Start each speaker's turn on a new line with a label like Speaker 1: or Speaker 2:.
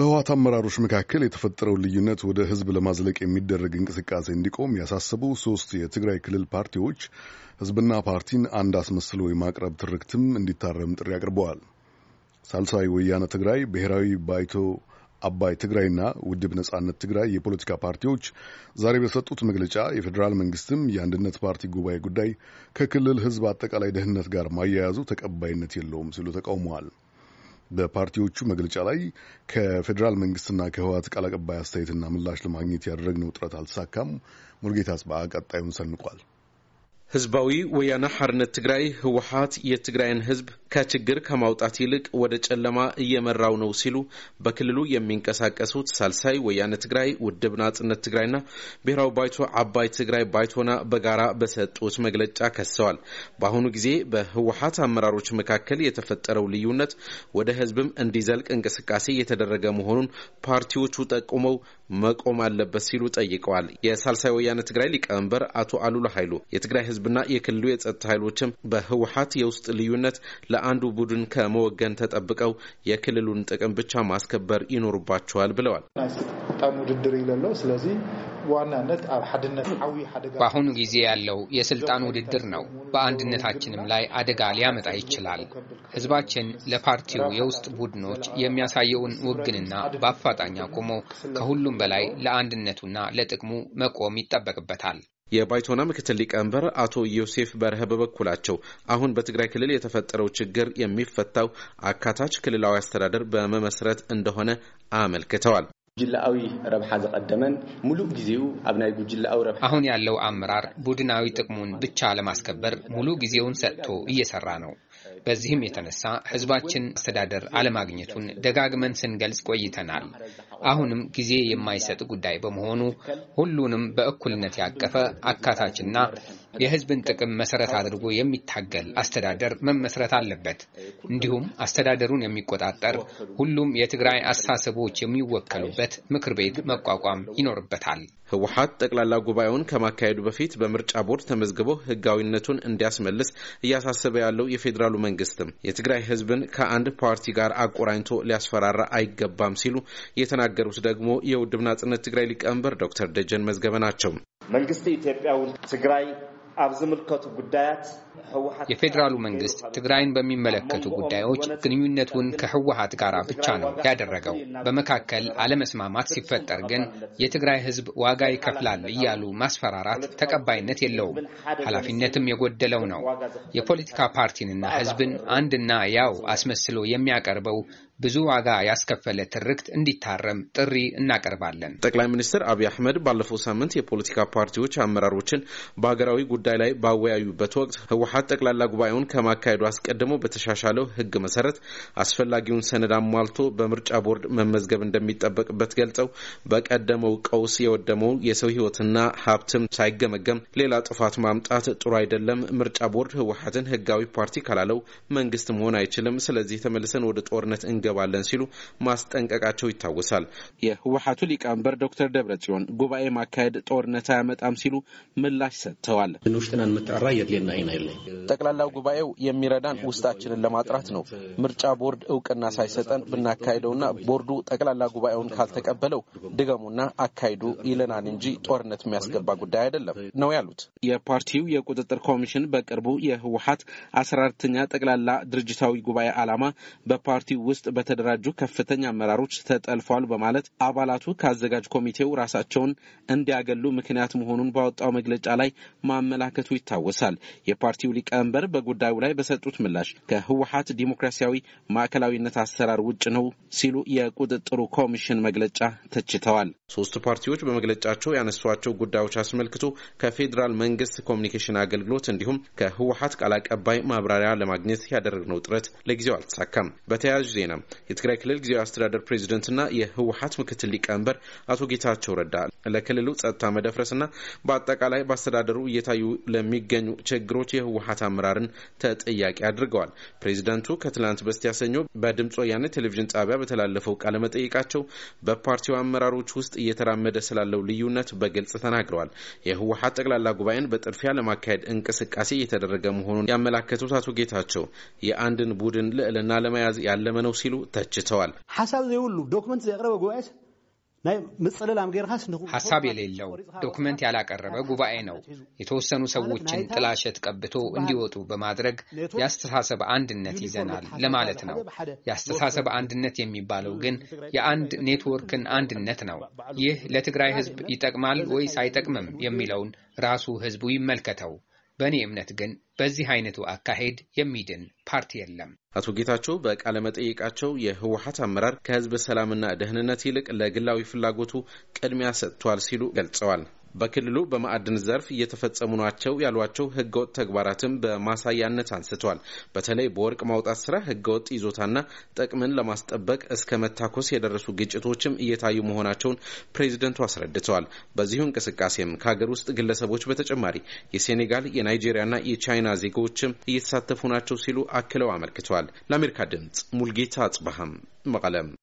Speaker 1: በህወሓት አመራሮች መካከል የተፈጠረውን ልዩነት ወደ ህዝብ ለማዝለቅ የሚደረግ እንቅስቃሴ እንዲቆም ያሳሰቡ ሶስት የትግራይ ክልል ፓርቲዎች ህዝብና ፓርቲን አንድ አስመስሎ የማቅረብ ትርክትም እንዲታረም ጥሪ አቅርበዋል። ሳልሳይ ወያነ ትግራይ፣ ብሔራዊ ባይቶ አባይ ትግራይና ውድብ ነጻነት ትግራይ የፖለቲካ ፓርቲዎች ዛሬ በሰጡት መግለጫ የፌዴራል መንግስትም የአንድነት ፓርቲ ጉባኤ ጉዳይ ከክልል ህዝብ አጠቃላይ ደህንነት ጋር ማያያዙ ተቀባይነት የለውም ሲሉ ተቃውመዋል። በፓርቲዎቹ መግለጫ ላይ ከፌዴራል መንግስትና ከህወሓት ቃል አቀባይ አስተያየትና ምላሽ ለማግኘት ያደረግነው ጥረት አልተሳካም። ሙልጌታ አጽባ ቀጣዩን ሰንቋል።
Speaker 2: ህዝባዊ ወያነ ሐርነት ትግራይ ህወሀት የትግራይን ህዝብ ከችግር ከማውጣት ይልቅ ወደ ጨለማ እየመራው ነው ሲሉ በክልሉ የሚንቀሳቀሱት ሳልሳይ ወያነ ትግራይ፣ ውድብ ናጽነት ትግራይና ብሔራዊ ባይቶ አባይ ትግራይ ባይቶና በጋራ በሰጡት መግለጫ ከሰዋል። በአሁኑ ጊዜ በህወሀት አመራሮች መካከል የተፈጠረው ልዩነት ወደ ህዝብም እንዲዘልቅ እንቅስቃሴ የተደረገ መሆኑን ፓርቲዎቹ ጠቁመው መቆም አለበት ሲሉ ጠይቀዋል። የሳልሳይ ወያነ ትግራይ ሊቀመንበር አቶ አሉላ ኃይሉ የትግራይ ህዝብና የክልሉ የጸጥታ ኃይሎችም በህወሀት የውስጥ ልዩነት ለአንዱ ቡድን ከመወገን ተጠብቀው የክልሉን ጥቅም ብቻ ማስከበር ይኖርባቸዋል ብለዋል።
Speaker 1: በአሁኑ ጊዜ ያለው የስልጣን ውድድር ነው። በአንድነታችንም ላይ አደጋ ሊያመጣ ይችላል። ህዝባችን ለፓርቲው የውስጥ ቡድኖች የሚያሳየውን ውግንና በአፋጣኝ አቁሞ ከሁሉም በላይ ለአንድነቱና ለጥቅሙ መቆም ይጠበቅበታል።
Speaker 2: የባይቶና ምክትል ሊቀመንበር አቶ ዮሴፍ በርሀ በበኩላቸው አሁን በትግራይ ክልል የተፈጠረው ችግር የሚፈታው አካታች ክልላዊ አስተዳደር በመመስረት እንደሆነ አመልክተዋል። ጉጅላዊ ረብሓ ዘቀደመን ሙሉእ ጊዜው ኣብ ናይ ጉጅላዊ ረብሓ
Speaker 1: አሁን ያለው አመራር ቡድናዊ ጥቅሙን ብቻ ለማስከበር ሙሉ ጊዜውን ሰጥቶ እየሰራ ነው። በዚህም የተነሳ ህዝባችን አስተዳደር አለማግኘቱን ደጋግመን ስንገልጽ ቆይተናል። አሁንም ጊዜ የማይሰጥ ጉዳይ በመሆኑ ሁሉንም በእኩልነት ያቀፈ አካታችና የህዝብን ጥቅም መሰረት አድርጎ የሚታገል አስተዳደር መመስረት አለበት። እንዲሁም አስተዳደሩን የሚቆጣጠር ሁሉም የትግራይ አስተሳሰቦች
Speaker 2: የሚወከሉበት ምክር ቤት መቋቋም ይኖርበታል። ህወሀት ጠቅላላ ጉባኤውን ከማካሄዱ በፊት በምርጫ ቦርድ ተመዝግቦ ህጋዊነቱን እንዲያስመልስ እያሳሰበ ያለው የፌዴራሉ የፌዴራሉ መንግስትም የትግራይ ህዝብን ከአንድ ፓርቲ ጋር አቆራኝቶ ሊያስፈራራ አይገባም ሲሉ የተናገሩት ደግሞ የውድብ ናጽነት ትግራይ ሊቀመንበር ዶክተር ደጀን መዝገበ ናቸው። መንግስት ኢትዮጵያውን ትግራይ የፌዴራሉ መንግስት
Speaker 1: ትግራይን በሚመለከቱ ጉዳዮች ግንኙነቱን ከህወሀት ጋር ብቻ ነው ያደረገው። በመካከል አለመስማማት ሲፈጠር ግን የትግራይ ህዝብ ዋጋ ይከፍላል እያሉ ማስፈራራት ተቀባይነት የለውም፣ ኃላፊነትም የጎደለው ነው። የፖለቲካ ፓርቲንና ህዝብን አንድና ያው አስመስሎ የሚያቀርበው ብዙ ዋጋ ያስከፈለ ትርክት እንዲታረም ጥሪ እናቀርባለን።
Speaker 2: ጠቅላይ ሚኒስትር አብይ አህመድ ባለፈው ሳምንት የፖለቲካ ፓርቲዎች አመራሮችን በሀገራዊ ጉዳይ ላይ ባወያዩበት ወቅት ህወሀት ጠቅላላ ጉባኤውን ከማካሄዱ አስቀድሞ በተሻሻለው ህግ መሰረት አስፈላጊውን ሰነድ አሟልቶ በምርጫ ቦርድ መመዝገብ እንደሚጠበቅበት ገልጸው በቀደመው ቀውስ የወደመው የሰው ህይወትና ሀብትም ሳይገመገም ሌላ ጥፋት ማምጣት ጥሩ አይደለም። ምርጫ ቦርድ ህወሀትን ህጋዊ ፓርቲ ካላለው መንግስት መሆን አይችልም። ስለዚህ ተመልሰን ወደ ጦርነት እንገባለን ሲሉ ማስጠንቀቃቸው ይታወሳል። የህወሀቱ ሊቀመንበር ዶክተር ደብረ ጽዮን ጉባኤ ማካሄድ ጦርነት አያመጣም ሲሉ ምላሽ ሰጥተዋል። ጠቅላላው ጉባኤው የሚረዳን ውስጣችንን ለማጥራት ነው። ምርጫ ቦርድ እውቅና ሳይሰጠን ብናካሄደውና ቦርዱ ጠቅላላ ጉባኤውን ካልተቀበለው ድገሙና አካሂዱ ይለናል እንጂ ጦርነት የሚያስገባ ጉዳይ አይደለም ነው ያሉት። የፓርቲው የቁጥጥር ኮሚሽን በቅርቡ የህወሀት አስራ አራተኛ ጠቅላላ ድርጅታዊ ጉባኤ ዓላማ በፓርቲው ውስጥ በተደራጁ ከፍተኛ አመራሮች ተጠልፏል በማለት አባላቱ ከአዘጋጅ ኮሚቴው ራሳቸውን እንዲያገሉ ምክንያት መሆኑን ባወጣው መግለጫ ላይ ማመላከቱ ይታወሳል። የፓርቲው ሊቀመንበር በጉዳዩ ላይ በሰጡት ምላሽ ከህወሀት ዲሞክራሲያዊ ማዕከላዊነት አሰራር ውጭ ነው ሲሉ የቁጥጥሩ ኮሚሽን መግለጫ ተችተዋል። ሶስቱ ፓርቲዎች በመግለጫቸው ያነሷቸው ጉዳዮች አስመልክቶ ከፌዴራል መንግስት ኮሚኒኬሽን አገልግሎት እንዲሁም ከህወሀት ቃል አቀባይ ማብራሪያ ለማግኘት ያደረግነው ጥረት ለጊዜው አልተሳካም። በተያያዥ ዜናም የትግራይ ክልል ጊዜያዊ አስተዳደር ፕሬዚደንትና የህወሀት ምክትል ሊቀመንበር አቶ ጌታቸው ረዳ ለክልሉ ጸጥታ መደፍረስና በአጠቃላይ በአስተዳደሩ እየታዩ ለሚገኙ ችግሮች የህወሀት አመራርን ተጠያቂ አድርገዋል። ፕሬዚደንቱ ከትላንት በስቲያ ሰኞ በድምፅ ወያኔ ቴሌቪዥን ጣቢያ በተላለፈው ቃለ መጠይቃቸው በፓርቲው አመራሮች ውስጥ እየተራመደ ስላለው ልዩነት በግልጽ ተናግረዋል። የህወሀት ጠቅላላ ጉባኤን በጥድፊያ ለማካሄድ እንቅስቃሴ እየተደረገ መሆኑን ያመላከቱት አቶ ጌታቸው የአንድን ቡድን ልዕልና ለመያዝ ያለመ ነው ሲሉ ተችተዋል። ሓሳብ ዘይብሉ ዶክመንት ዘቕረበ ጉባኤስ ሓሳብ የሌለው ዶክመንት ያላቀረበ
Speaker 1: ጉባኤ ነው። የተወሰኑ ሰዎችን ጥላሸት ቀብቶ እንዲወጡ በማድረግ የአስተሳሰብ አንድነት ይዘናል ለማለት ነው። የአስተሳሰብ አንድነት የሚባለው ግን የአንድ ኔትወርክን አንድነት ነው። ይህ ለትግራይ ህዝብ ይጠቅማል ወይስ አይጠቅምም የሚለውን ራሱ ህዝቡ ይመልከተው። በእኔ እምነት ግን በዚህ አይነቱ አካሄድ የሚድን ፓርቲ የለም።
Speaker 2: አቶ ጌታቸው በቃለ መጠይቃቸው የህወሀት አመራር ከህዝብ ሰላምና ደህንነት ይልቅ ለግላዊ ፍላጎቱ ቅድሚያ ሰጥቷል ሲሉ ገልጸዋል። በክልሉ በማዕድን ዘርፍ እየተፈጸሙ ናቸው ያሏቸው ህገወጥ ተግባራትም በማሳያነት አንስተዋል። በተለይ በወርቅ ማውጣት ስራ ህገወጥ ይዞታና ጥቅምን ለማስጠበቅ እስከ መታኮስ የደረሱ ግጭቶችም እየታዩ መሆናቸውን ፕሬዚደንቱ አስረድተዋል። በዚሁ እንቅስቃሴም ከሀገር ውስጥ ግለሰቦች በተጨማሪ የሴኔጋል የናይጄሪያና የቻይና ዜጎችም እየተሳተፉ ናቸው ሲሉ አክለው አመልክተዋል። ለአሜሪካ ድምጽ ሙልጌታ አጽባሃም መቀለም